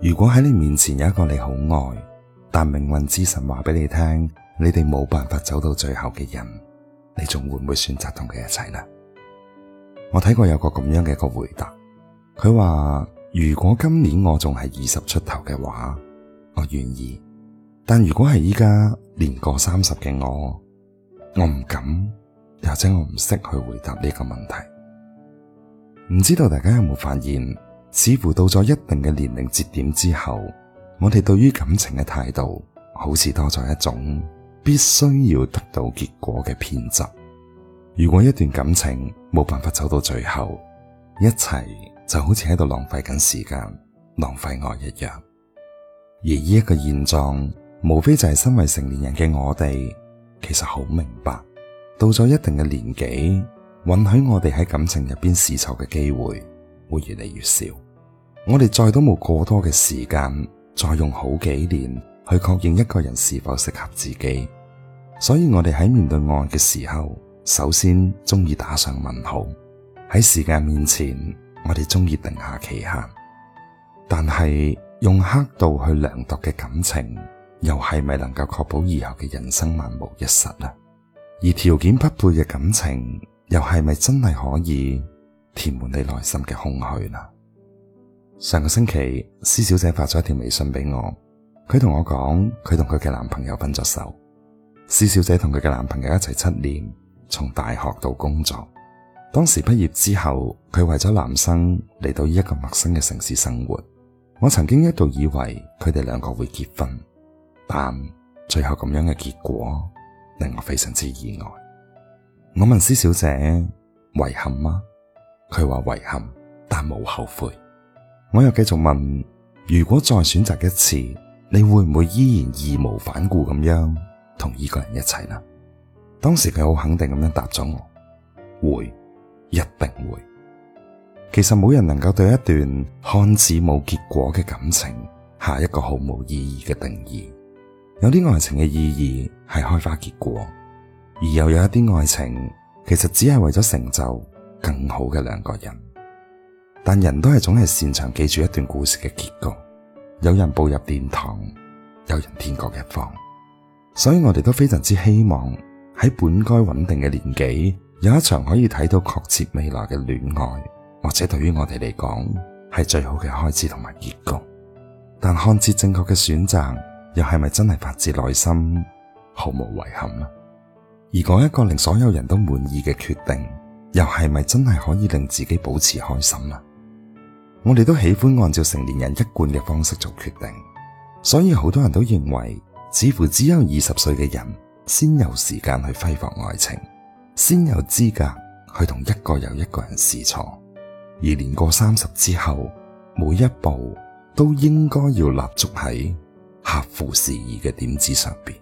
如果喺你面前有一個你好愛，但命運之神話俾你聽，你哋冇辦法走到最後嘅人，你仲會唔會選擇同佢一齊呢？我睇過有個咁樣嘅一個回答，佢話如果今年我仲係二十出頭嘅話，我願意；但如果係依家年過三十嘅我，我唔敢，或者我唔識去回答呢個問題。唔知道大家有冇發現？似乎到咗一定嘅年齡節點之後，我哋對於感情嘅態度，好似多咗一種必須要得到結果嘅偏執。如果一段感情冇辦法走到最後，一切就好似喺度浪費緊時間，浪費愛一樣。而呢一個現狀，無非就係身為成年人嘅我哋，其實好明白，到咗一定嘅年紀，允許我哋喺感情入邊試錯嘅機會。會越嚟越少，我哋再都冇過多嘅時間，再用好幾年去確認一個人是否適合自己，所以我哋喺面對愛嘅時候，首先鍾意打上問號。喺時間面前，我哋鍾意定下期限，但係用刻度去量度嘅感情，又係咪能夠確保以後嘅人生萬無一失啊？而條件不配嘅感情，又係咪真係可以？填滿你內心嘅空虛啦。上個星期，施小姐發咗一條微信俾我，佢同我講，佢同佢嘅男朋友分咗手。施小姐同佢嘅男朋友一齊七年，從大學到工作。當時畢業之後，佢為咗男生嚟到呢一個陌生嘅城市生活。我曾經一度以為佢哋兩個會結婚，但最後咁樣嘅結果令我非常之意外。我問施小姐，遺憾嗎？佢話遺憾，但冇後悔。我又繼續問：如果再選擇一次，你會唔會依然義無反顧咁樣同依個人一齊呢？當時佢好肯定咁樣答咗我：會，一定會。其實冇人能夠對一段看似冇結果嘅感情下一個毫無意義嘅定義。有啲愛情嘅意義係開花結果，而又有一啲愛情其實只係為咗成就更好嘅兩個人，但人都係總係擅長記住一段故事嘅結局。有人步入殿堂，有人天各一方，所以我哋都非常之希望喺本該穩定嘅年紀，有一場可以睇到確切未來嘅戀愛，或者對於我哋嚟講係最好嘅開始同埋結局。但看似正確嘅選擇，又係咪真係發自內心，毫無遺憾呢？而講一個令所有人都滿意嘅決定。又係咪真係可以令自己保持開心啦？我哋都喜歡按照成年人一貫嘅方式做決定，所以好多人都認為，似乎只有二十歲嘅人先有時間去揮霍愛情，先有資格去同一個又一個人試錯，而年過三十之後，每一步都應該要立足喺合乎時宜嘅點子上邊。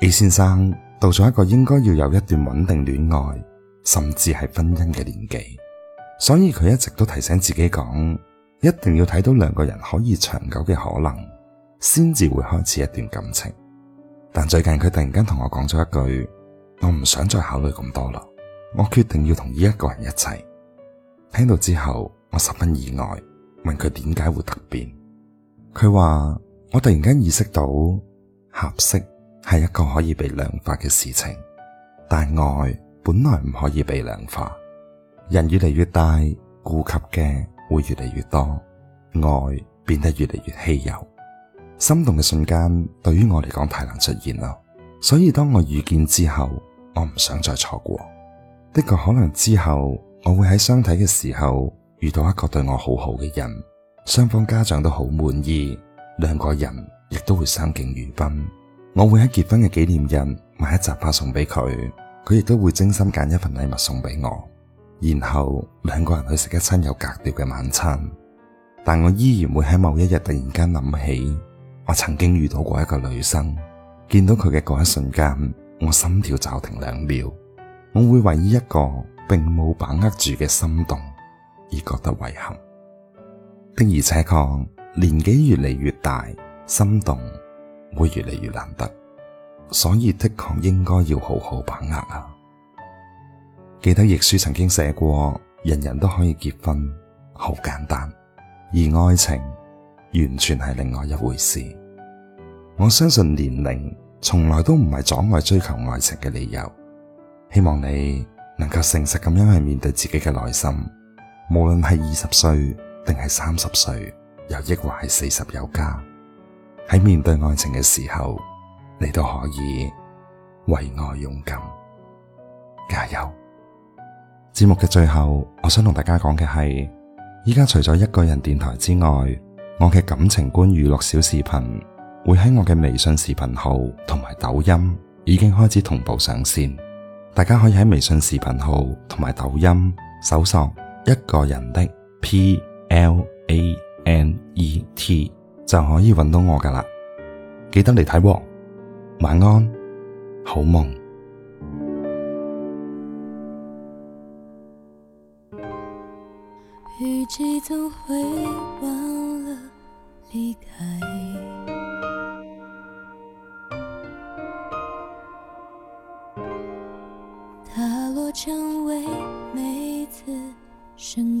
A、 e、先生到咗一個應該要有一段穩定戀愛。甚至係婚姻嘅年紀，所以佢一直都提醒自己講，一定要睇到兩個人可以長久嘅可能，先至會開始一段感情。但最近佢突然間同我講咗一句：，我唔想再考慮咁多啦，我決定要同呢一個人一齊。聽到之後，我十分意外，問佢點解會突變。佢話：，我突然間意識到合適係一個可以被量化嘅事情，但愛。本來唔可以被量化，人越嚟越大，顧及嘅會越嚟越多，愛變得越嚟越稀有。心動嘅瞬間對於我嚟講太難出現啦，所以當我遇見之後，我唔想再錯過。的確，可能之後我會喺相睇嘅時候遇到一個對我好好嘅人，雙方家長都好滿意，兩個人亦都會相敬如賓。我會喺結婚嘅紀念日買一扎花送俾佢。佢亦都會精心揀一份禮物送俾我，然後兩個人去食一餐有格調嘅晚餐。但我依然會喺某一日突然間諗起，我曾經遇到過一個女生，見到佢嘅嗰一瞬間，我心跳驟停兩秒。我會為一個並冇把握住嘅心動而覺得遺憾。的而且確，年紀越嚟越大，心動會越嚟越難得。所以的確應該要好好把握啊！記得亦舒曾經寫過：人人都可以結婚，好簡單；而愛情完全係另外一回事。我相信年齡從來都唔係阻礙追求愛情嘅理由。希望你能夠誠實咁樣去面對自己嘅內心，無論係二十歲定係三十歲，又抑或係四十有加，喺面對愛情嘅時候。你都可以為愛勇敢，加油！節目嘅最後，我想同大家講嘅係，依家除咗一個人電台之外，我嘅感情觀娛樂小視頻會喺我嘅微信視頻號同埋抖音已經開始同步上線，大家可以喺微信視頻號同埋抖音搜索一個人的 p l a n e t 就可以揾到我噶啦，記得嚟睇喎。晚安，好夢。 雨季總會忘了。離開。打落。薔薇每次盛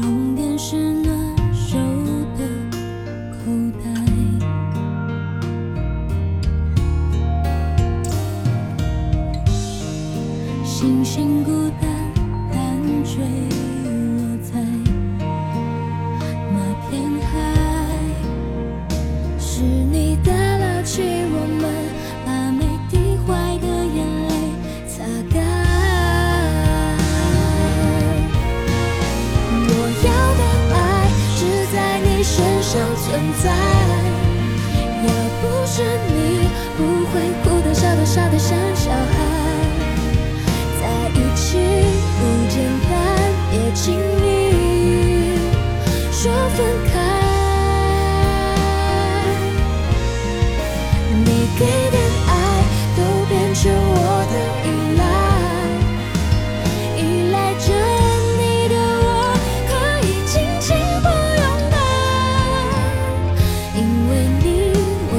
終點是。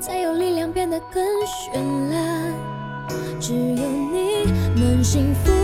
才有力量變得更絢爛，只有你能幸福。